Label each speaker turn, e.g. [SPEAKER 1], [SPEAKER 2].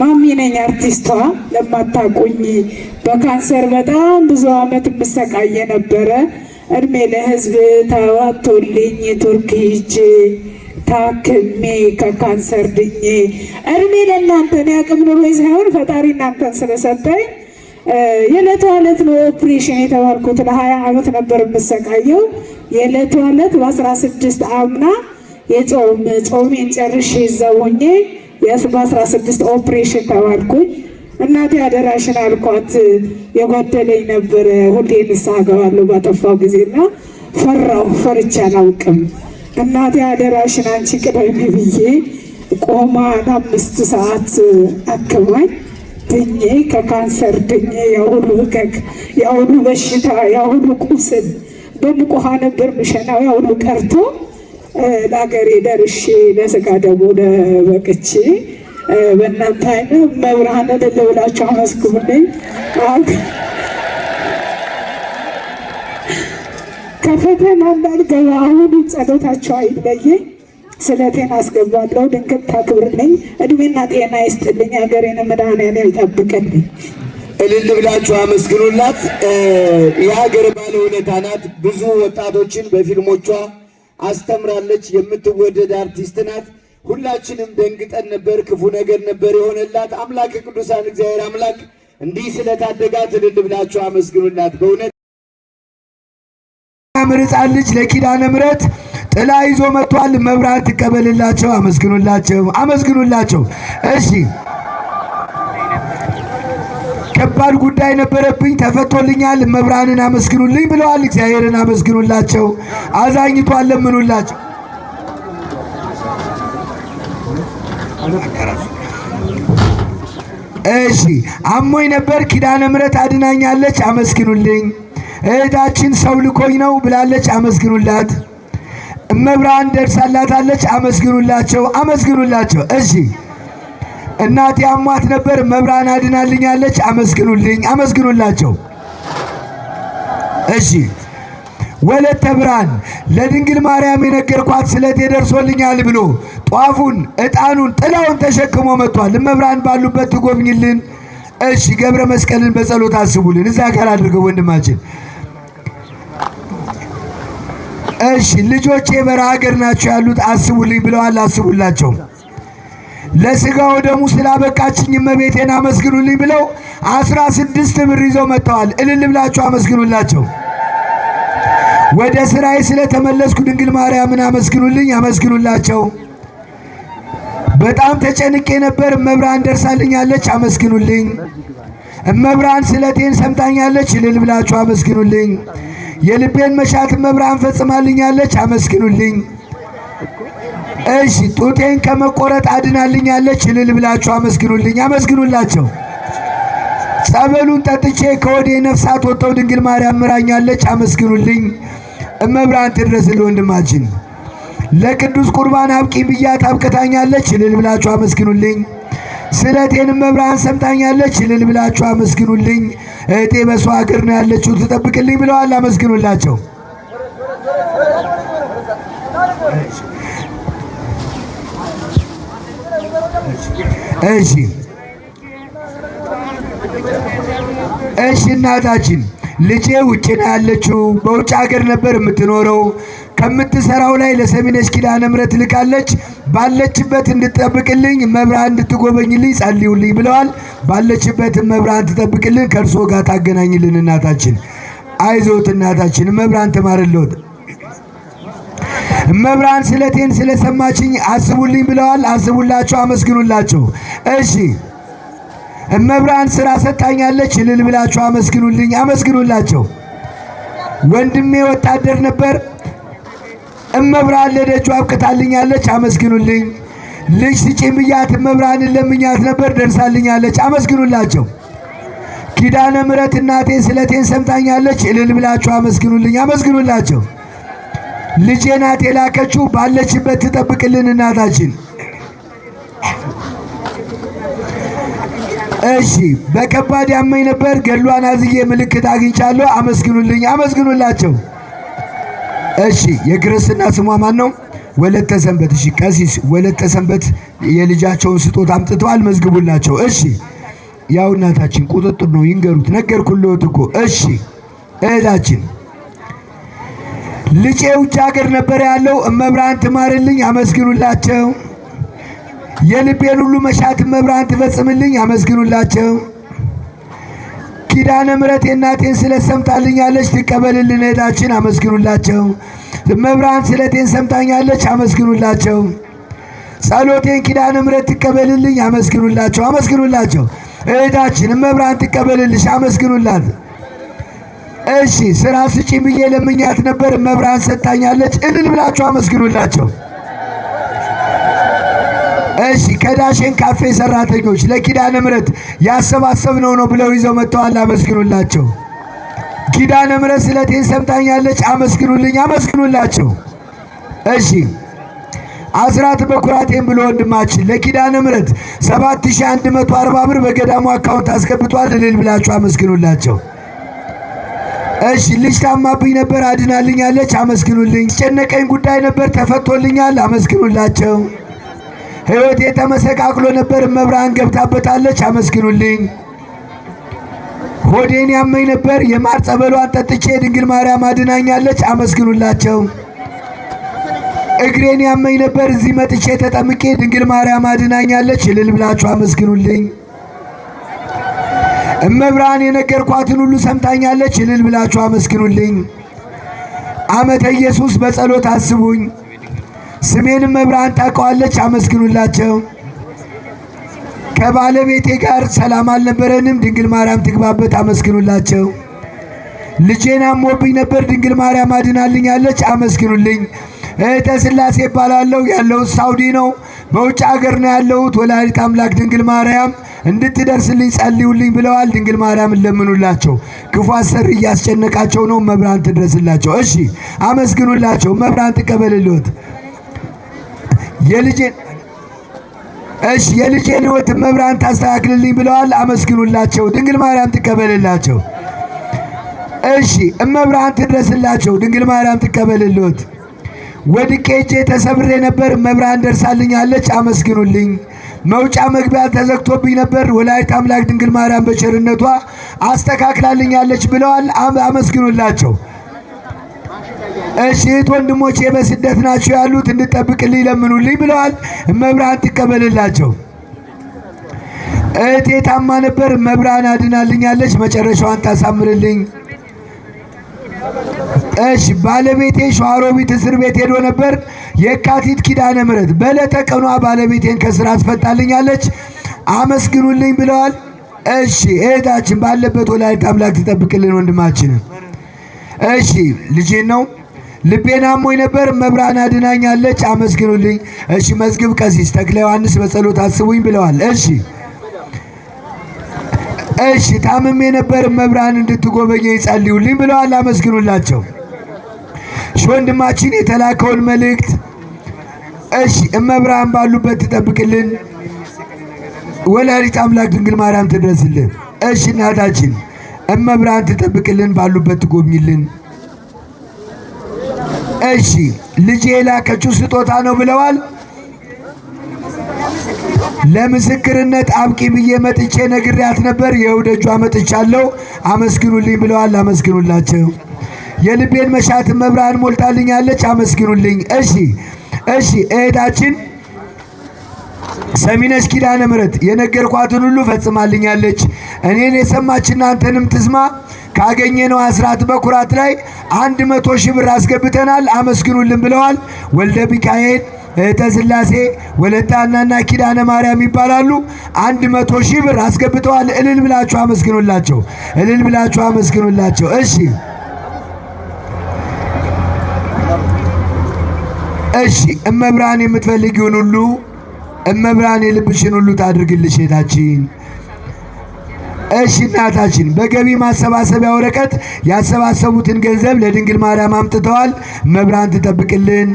[SPEAKER 1] ማሚ ነኝ አርቲስቷ። ለማታቆኝ በካንሰር በጣም ብዙ አመት የምሰቃየ ነበረ። እድሜ ለህዝብ ተዋቶልኝ ቱርክ ሂጄ ታክሜ ከካንሰር ድኜ፣ እድሜ ለእናንተ። እኔ አቅም ኑሮኝ ሳይሆን ፈጣሪ እናንተን ስለሰጠኝ የዕለት ዕለት ነው ኦፕሬሽን የተባልኩት። ለሀያ አመት ነበር የምሰቃየው። የዕለት ዕለት በአስራ ስድስት አምና የጾም ጾሜን ጨርሼ ዘውኜ በ16 ኦፕሬሽን ተባልኩኝ። እናቴ አደራሽን አልኳት። የጎደለኝ ነበረ ሁሌ ንስሐ እገባለሁ ባጠፋው ጊዜና ፈራሁ፣ ፈርቼ አላውቅም። እናቴ አደራሽን አንቺ ቅደሚ ብዬ ቆማ አምስት ሰዓት አክማኝ ድኜ ከካንሰር ድኜ ያሁሉ ህቀቅ ያሁሉ በሽታ ያሁሉ ቁስል በሙቆሃ ነበር ምሸናው ያሁሉ ቀርቶ ለሀገሬ ደርሼ ለስጋ ደግሞ ለበቅቼ በእናንተ አይነ መብርሃን ለብላቸው አመስግቡልኝ። ከፈተና እንዳልገባ አሁን ጸሎታቸው አይለየኝ። ስለቴን አስገባለሁ። ድንግል ታክብርልኝ፣ እድሜና ጤና ይስጥልኝ። ሀገሬን መድኃኔዓለም ይጠብቅልኝ።
[SPEAKER 2] እልል ብላችሁ አመስግኑላት። የሀገር ባለውለታ ናት። ብዙ ወጣቶችን በፊልሞቿ አስተምራለች። የምትወደድ አርቲስት ናት። ሁላችንም ደንግጠን ነበር። ክፉ ነገር ነበር የሆነላት። አምላክ ቅዱሳን እግዚአብሔር አምላክ እንዲህ ስለታደጋት እልል ብላችሁ አመስግኑላት። በእውነት
[SPEAKER 3] ምርፃን ልጅ ለኪዳነ ምሕረት ጥላ ይዞ መጥቷል። መብራት ትቀበልላቸው። አመስግኑላቸው፣ አመስግኑላቸው። እሺ ከባድ ጉዳይ ነበረብኝ፣ ተፈቶልኛል። መብራንን አመስግኑልኝ ብለዋል። እግዚአብሔርን አመስግኑላቸው። አዛኝቷን ለምኑላቸው። እሺ አሞኝ ነበር፣ ኪዳነ ምሕረት አድናኛለች፣ አመስግኑልኝ። እህታችን ሰው ልኮኝ ነው ብላለች፣ አመስግኑላት። መብራን ደርሳላታለች፣ አመስግኑላቸው፣ አመስግኑላቸው። እሺ እናት ያሟት ነበር፣ መብራን አድናልኛለች። አመስግኑልኝ፣ አመስግኑላቸው። እሺ ወለተ ብርሃን ለድንግል ማርያም የነገርኳት ስለቴ ደርሶልኛል ብሎ ጧፉን፣ ዕጣኑን፣ ጥላውን ተሸክሞ መጥቷል። ልመብራን ባሉበት ትጎብኝልን። እሺ ገብረ መስቀልን በጸሎት አስቡልን። እዛ ጋር አድርገው ወንድማችን። እሺ ልጆቼ በረሀ ሀገር ናቸው ያሉት አስቡልኝ ብለዋል። አስቡላቸው። ለሥጋው ደሙ ስላበቃችኝ እመቤቴን አመስግኑልኝ ብለው አስራ ስድስት ብር ይዘው መጥተዋል። እልል ብላችሁ አመስግኑላቸው። ወደ ሥራዬ ስለተመለስኩ ድንግል ማርያምን አመስግኑልኝ፣ አመስግኑላቸው። በጣም ተጨንቄ ነበር። እመብርሃን ደርሳልኛለች፣ አመስግኑልኝ። እመብርሃን ስለቴን ሰምታኛለች፣ እልል ብላችሁ አመስግኑልኝ። የልቤን መሻት እመብርሃን ፈጽማልኛለች፣ አመስግኑልኝ። እሺ ጡቴን ከመቆረጥ አድናልኛለች። እልል ብላችሁ አመስግኑልኝ፣ አመስግኑላቸው። ጸበሉን ጠጥቼ ከወዴ ነፍሳት ወጥተው ድንግል ማርያም ምራኛለች። አመስግኑልኝ። እመብራን ትድረስል ወንድማችን። ለቅዱስ ቁርባን አብቂ ብያት አብቅታኛለች። እልል ብላችሁ አመስግኑልኝ። ስለቴን እመብርሃን ሰምታኛለች። እልል ብላችሁ አመስግኑልኝ። እህቴ በሰው ሀገር ነው ያለችው፣ ትጠብቅልኝ ብለዋል። አመስግኑላቸው። እሺ እሺ እናታችን ልጄ ውጭ ነው ያለችው። በውጭ ሀገር ነበር የምትኖረው። ከምትሰራው ላይ ለሰሚነሽ ኪዳነ ምሕረት ልካለች። ባለችበት እንድትጠብቅልኝ መብርሃን እንድትጎበኝልኝ ጸልዩልኝ ብለዋል። ባለችበት መብርሃን ትጠብቅልን፣ ከእርሶ ጋር ታገናኝልን። እናታችን አይዞት፣ እናታችን መብርሃን ትማርልዎት። እመብርሃን ስለቴን ስለሰማችኝ አስቡልኝ ብለዋል። አስቡላቸው፣ አመስግኑላቸው። እሺ እመብርሃን ስራ ሰጣኛለች። እልል ብላችሁ አመስግኑልኝ፣ አመስግኑላቸው። ወንድሜ ወታደር ነበር። እመብርሃን ለደጁ አብቅታልኛለች፣ አመስግኑልኝ። ልጅ ስጪኝ ብያት እመብርሃንን ለምኛት ነበር፣ ደርሳልኛለች፣ አመስግኑላቸው። ኪዳነ ምሕረት እናቴን ስለቴን ሰምታኛለች። እልል ብላችሁ አመስግኑልኝ፣ አመስግኑላቸው። ልጄ ናት የላከችው ባለችበት ትጠብቅልን እናታችን። እሺ በከባድ ያመኝ ነበር። ገድሏን አዝዬ ምልክት አግኝቻለሁ። አመስግኑልኝ፣ አመስግኑላቸው። እሺ የክርስትና ስሟ ማን ነው? ወለተ ሰንበት። እሺ ቀሲስ ወለተ ሰንበት የልጃቸውን ስጦታ አምጥተዋል። መዝግቡላቸው። እሺ ያው እናታችን ቁጥጥር ነው፣ ይንገሩት። ነገር ኩሎት እኮ እሺ እህታችን ልጄ ውጭ ሀገር ነበር ያለው። እመብራን ትማርልኝ፣ አመስግኑላቸው። የልቤን ሁሉ መሻት እመብራን ትፈጽምልኝ፣ አመስግኑላቸው። ኪዳነ ምሕረት የእናቴን ስለት ሰምታልኛለች፣ ትቀበልልን እህታችን፣ አመስግኑላቸው። እመብራን ስለቴን ሰምታኛለች፣ አመስግኑላቸው። ጸሎቴን ኪዳነ ምሕረት ትቀበልልኝ፣ አመስግኑላቸው፣ አመስግኑላቸው። እህታችን እመብራን ትቀበልልሽ፣ አመስግኑላት። እሺ ስራ ስጪ ብዬ ለምኛት ነበር፣ መብራን ሰጣኛለች። እልል ብላችሁ አመስግኑላቸው። እሺ ከዳሽን ካፌ ሰራተኞች ለኪዳነ ምሕረት ያሰባሰብነው ነው ብለው ይዘው መጥተዋል። አመስግኑላቸው። ኪዳነ ምሕረት ስለቴን ሰምታኛለች። አመስግኑልኝ፣ አመስግኑላቸው። እሺ አስራት በኩራቴን ብሎ ወንድማችን ለኪዳነ ምሕረት 7140 ብር በገዳሙ አካውንት አስገብቷል። እልል ብላችሁ አመስግኑላቸው። እሺ ልጅ ታማብኝ ነበር አድናልኛለች፣ አመስግኑልኝ። ጨነቀኝ ጉዳይ ነበር ተፈቶልኛል፣ አመስግኑላቸው። ህይወቴ ተመሰቃቅሎ ነበር፣ መብራን ገብታበታለች፣ አመስግኑልኝ። ሆዴን ያመኝ ነበር፣ የማር ጸበሏን ጠጥቼ ድንግል ማርያም አድናኛለች፣ አመስግኑላቸው። እግሬን ያመኝ ነበር፣ እዚህ መጥቼ ተጠምቄ ድንግል ማርያም አድናኛለች፣ እልል ብላችሁ አመስግኑልኝ። እመብርሃን የነገርኳትን ሁሉ ሰምታኛለች። እልል ብላችሁ አመስግኑልኝ። አመተ ኢየሱስ በጸሎት አስቡኝ። ስሜንም እመብርሃን ታውቀዋለች። አመስግኑላቸው። ከባለቤቴ ጋር ሰላም አልነበረንም። ድንግል ማርያም ትግባበት። አመስግኑላቸው። ልጄን አሞብኝ ነበር። ድንግል ማርያም አድናልኛለች። አመስግኑልኝ። እህተ ስላሴ እባላለሁ። ያለሁት ሳውዲ ነው። በውጭ ሀገር ነው ያለሁት። ወላዲት አምላክ ድንግል ማርያም እንድትደርስልኝ ጸልዩልኝ ብለዋል። ድንግል ማርያምን ለምኑላቸው። ክፉ አሰሪ እያስጨነቃቸው ነው። መብራን ትድረስላቸው። እሺ አመስግኑላቸው። መብራን ትቀበልልዎት። የልጄን እሺ የልጄን ሕይወት መብራን ታስተካክልልኝ ብለዋል። አመስግኑላቸው። ድንግል ማርያም ትቀበልላቸው። እሺ እመብርሃን ትድረስላቸው። ድንግል ማርያም ትቀበልልዎት። ወድቄ እጄ ተሰብሬ ነበር። እመብርሃን ደርሳልኛለች። አመስግኑልኝ። መውጫ መግቢያ ተዘግቶብኝ ነበር። ወላዲተ አምላክ ድንግል ማርያም በቸርነቷ አስተካክላልኛለች ብለዋል። አመስግኑላቸው። እሺ እህት ወንድሞቼ በስደት ናቸው ያሉት እንድጠብቅልኝ ለምኑልኝ ብለዋል። መብርሃን ትቀበልላቸው። እህቴ ታማ ነበር። መብርሃን አድናልኛለች። መጨረሻዋን ታሳምርልኝ። እሺ ባለቤቴ ሸዋሮቢት እስር ቤት ሄዶ ነበር። የካቲት ኪዳነ ምሕረት በዕለተ ቀኗ ባለቤቴን ከስራ አስፈታልኛለች፣ አመስግኑልኝ ብለዋል። እሺ እህታችን ባለበት ወላዲተ አምላክ ትጠብቅልን ወንድማችንን። እሺ ልጄን ነው ልቤን አሞኝ ነበር፣ መብራን አድናኛለች፣ አመስግኑልኝ። እሺ መዝግብ ቀሲስ ተክለ ዮሐንስ በጸሎት አስቡኝ ብለዋል። እሺ እሺ ታምሜ ነበር፣ መብራን እንድትጎበኘ ይጸልዩልኝ ብለዋል። አመስግኑላቸው። ወንድማችን የተላከውን መልእክት እሺ እመብርሃን ባሉበት ትጠብቅልን፣ ወላዲት አምላክ ድንግል ማርያም ትድረስልን። እሺ እናታችን እመብርሃን ትጠብቅልን፣ ባሉበት ትጎብኝልን። እሺ ልጄ የላከችው ስጦታ ነው ብለዋል። ለምስክርነት አብቂ ብዬ መጥቼ ነግሬያት ነበር። ይኸው ደጇ መጥቻለሁ። አመስግኑልኝ ብለዋል። አመስግኑላቸው። የልቤን መሻት መብራን ሞልታልኛለች። አመስግኑልኝ። እሺ፣ እሺ እህታችን ሰሚነሽ ኪዳነ ምሕረት የነገርኳትን ሁሉ ፈጽማልኛለች። እኔን የሰማች እናንተንም ትስማ። ካገኘነው አስራት በኩራት ላይ አንድ መቶ ሺህ ብር አስገብተናል። አመስግኑልን ብለዋል። ወልደ ሚካኤል እህተ ስላሴ ወለታ ኪዳነ ማርያም ይባላሉ። አንድ መቶ ሺህ ብር አስገብተዋል። እልል ብላችሁ አመስግኑላቸው። እልል ብላችሁ አመስግኑላቸው። እሺ እሺ እመብርሃን የምትፈልጊውን ሁሉ እመብርሃን የልብሽን ሁሉ ታድርግልሽ ጌታችን። እሺ እናታችን በገቢ ማሰባሰቢያ ወረቀት ያሰባሰቡትን ገንዘብ ለድንግል ማርያም አምጥተዋል። እመብርሃን ትጠብቅልን።